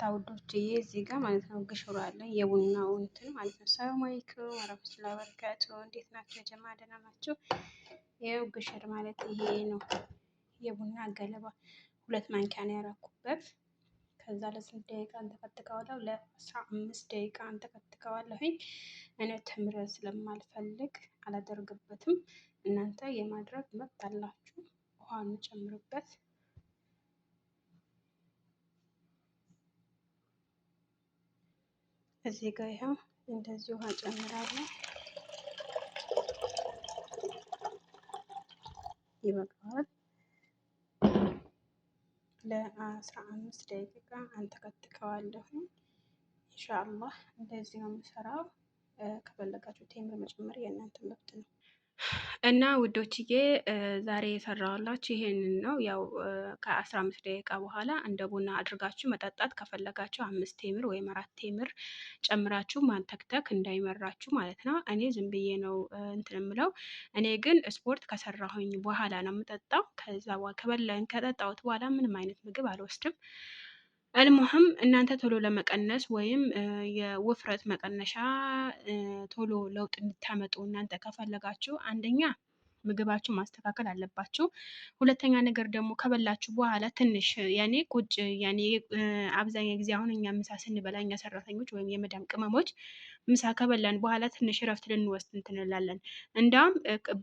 ይቅርታ ውዶችዬ እዚህ ጋር ማለት ነው ግሽሮ አለ የቡናው እንትን ማለት ነው። ሰላም አለይኩም ወራህመቱላሂ ወበረካቱ እንዴት ናቸው ጀማ ደህና ናቸው። ይኸው ግሽር ማለት ይሄ ነው የቡና ገለባ ሁለት ማንኪያ ነው ያረኩበት። ከዛ ለስንት ደቂቃ እንተፈትከዋለሁ? ለአስራ አምስት ደቂቃ እንተፈትከዋለሁኝ። እኔ ተምረ ስለማልፈልግ አላደርግበትም። እናንተ የማድረግ መብት አላችሁ። ውሃ እንጨምርበት እዚህ ጋር ይኸው እንደዚህ ውሃ ጨምራለሁ። ይበቃዋል። ለአስራ አምስት ደቂቃ አንተከትከዋለሁ። ኢንሻአላህ እንደዚህ ነው የምሰራው። ከፈለጋችሁ ቴምር መጨመር የእናንተ መብት ነው። እና ውዶችዬ ዛሬ የሰራሁላችሁ ይሄንን ነው። ያው ከአስራ አምስት ደቂቃ በኋላ እንደ ቡና አድርጋችሁ መጠጣት ከፈለጋችሁ አምስት ቴምር ወይም አራት ቴምር ጨምራችሁ ማንተክተክ እንዳይመራችሁ ማለት ነው። እኔ ዝም ብዬ ነው እንትን የምለው። እኔ ግን ስፖርት ከሰራሁኝ በኋላ ነው የምጠጣው። ከዛ ከበላኝ ከጠጣሁት በኋላ ምንም አይነት ምግብ አልወስድም። አልሙህም እናንተ ቶሎ ለመቀነስ ወይም የውፍረት መቀነሻ ቶሎ ለውጥ እንድታመጡ እናንተ ከፈለጋችሁ አንደኛ ምግባችሁ ማስተካከል አለባችሁ። ሁለተኛ ነገር ደግሞ ከበላችሁ በኋላ ትንሽ ያኔ ቁጭ ያኔ አብዛኛ ጊዜ አሁን እኛ ምሳ ስንበላ እኛ ሰራተኞች ወይም የመዳም ቅመሞች ምሳ ከበላን በኋላ ትንሽ እረፍት ልንወስድ እንትንላለን። እንዳውም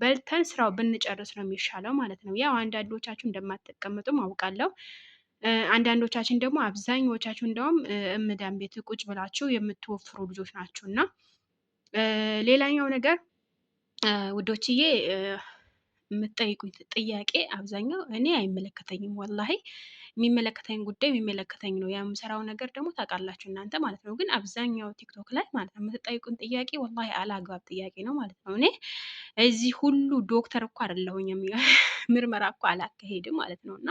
በልተን ስራው ብንጨርስ ነው የሚሻለው ማለት ነው። ያው አንዳንዶቻችሁ እንደማትቀመጡም አውቃለሁ። አንዳንዶቻችን ደግሞ አብዛኞቻችሁ እንደውም እምዳን ቤት ቁጭ ብላችሁ የምትወፍሩ ልጆች ናችሁ እና ሌላኛው ነገር ውዶችዬ የምትጠይቁኝ ጥያቄ አብዛኛው እኔ አይመለከተኝም። ወላሂ የሚመለከተኝ ጉዳይ የሚመለከተኝ ነው። የምሰራው ነገር ደግሞ ታውቃላችሁ እናንተ ማለት ነው። ግን አብዛኛው ቲክቶክ ላይ ማለት ነው የምትጠይቁን ጥያቄ ወላሂ አላግባብ ጥያቄ ነው ማለት ነው። እኔ እዚህ ሁሉ ዶክተር እኮ አይደለሁኝም፣ ምርመራ እኮ አላካሄድም ማለት ነው እና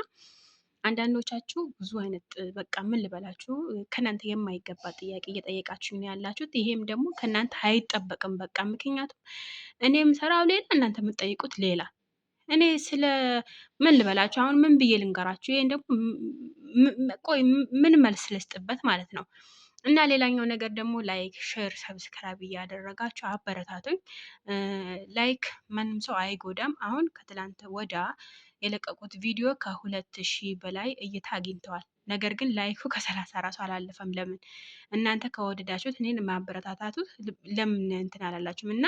አንዳንዶቻችሁ ብዙ አይነት በቃ ምን ልበላችሁ ከእናንተ የማይገባ ጥያቄ እየጠየቃችሁ ነው ያላችሁት። ይሄም ደግሞ ከእናንተ አይጠበቅም። በቃ ምክንያቱም እኔ የምሰራው ሌላ፣ እናንተ የምትጠይቁት ሌላ። እኔ ስለ ምን ልበላችሁ አሁን ምን ብዬ ልንገራችሁ? ይሄን ደግሞ ቆይ ምን መልስ ልስጥበት ማለት ነው። እና ሌላኛው ነገር ደግሞ ላይክ፣ ሼር፣ ሰብስክራይብ እያደረጋችሁ አበረታቱኝ። ላይክ ማንም ሰው አይጎዳም። አሁን ከትላንት ወዳ የለቀቁት ቪዲዮ ከሁለት ሺህ በላይ እይታ አግኝተዋል። ነገር ግን ላይኩ ከ34 ሰው አላለፈም። ለምን እናንተ ከወደዳችሁት እኔን ማበረታታቱ ለምን እንትን አላላችሁም? እና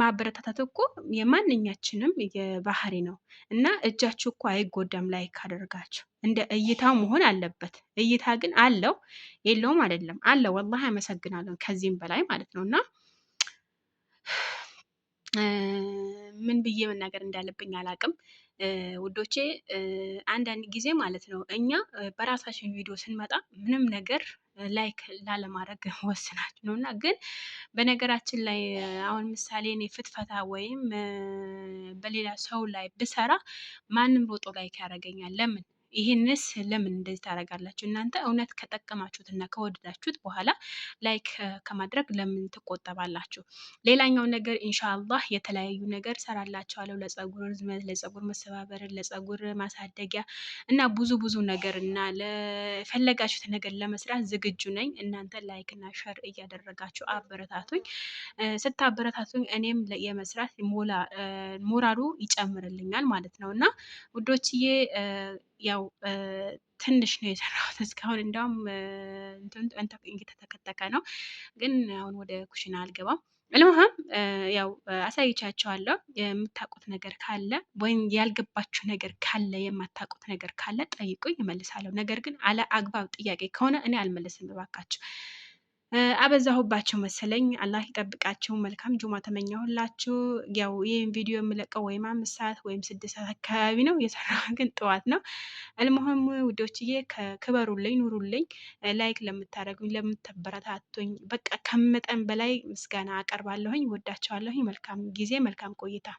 ማበረታታት እኮ የማንኛችንም የባህሪ ነው እና እጃችሁ እኮ አይጎዳም ላይክ አደርጋችሁ። እንደ እይታው መሆን አለበት። እይታ ግን አለው የለውም አይደለም አለው። ወላሂ አመሰግናለሁ ከዚህም በላይ ማለት ነው እና ምን ብዬ መናገር እንዳለብኝ አላቅም ውዶቼ። አንዳንድ ጊዜ ማለት ነው እኛ በራሳችን ቪዲዮ ስንመጣ ምንም ነገር ላይክ ላለማድረግ ወስናችሁ ነው እና ግን በነገራችን ላይ አሁን ምሳሌ እኔ ፍትፈታ ወይም በሌላ ሰው ላይ ብሰራ ማንም ሮጦ ላይክ ያደርገኛል። ለምን ይህንስ ለምን እንደዚህ ታደርጋላችሁ? እናንተ እውነት ከጠቀማችሁት እና ከወደዳችሁት በኋላ ላይክ ከማድረግ ለምን ትቆጠባላችሁ? ሌላኛው ነገር ኢንሻአላህ የተለያዩ ነገር ሰራላችኋለሁ ለጸጉር ርዝመት፣ ለጸጉር መሰባበር ለጸጉር ማሳደጊያ እና ብዙ ብዙ ነገር እና ለፈለጋችሁት ነገር ለመስራት ዝግጁ ነኝ። እናንተ ላይክ እና ሸር እያደረጋችሁ አበረታቱኝ። ስታበረታቱኝ እኔም የመስራት ሞራሉ ይጨምርልኛል ማለት ነው እና ውዶችዬ ያው ትንሽ ነው የሰራሁት እስካሁን። እንዳውም እየተተከተከ ነው፣ ግን አሁን ወደ ኩሽና አልገባም። ልምሃም ያው አሳይቻቸዋለሁ። የምታውቁት ነገር ካለ ወይም ያልገባችሁ ነገር ካለ የማታውቁት ነገር ካለ ጠይቁኝ እመልሳለሁ። ነገር ግን አለ አግባብ ጥያቄ ከሆነ እኔ አልመልስም፣ እባካችሁ አበዛሁባቸው መሰለኝ። አላህ ይጠብቃቸው። መልካም ጁማ ተመኘሁላችሁ። ያው ይህን ቪዲዮ የምለቀው ወይም አምስት ሰዓት ወይም ስድስት ሰዓት አካባቢ ነው የሰራው ግን ጠዋት ነው። አልሞህም ውዶችዬ ክበሩልኝ፣ ኑሩልኝ። ላይክ ለምታደርጉኝ፣ ለምታበረታቱኝ በቃ ከመጠን በላይ ምስጋና አቀርባለሁኝ። ወዳቸዋለሁኝ። መልካም ጊዜ፣ መልካም ቆይታ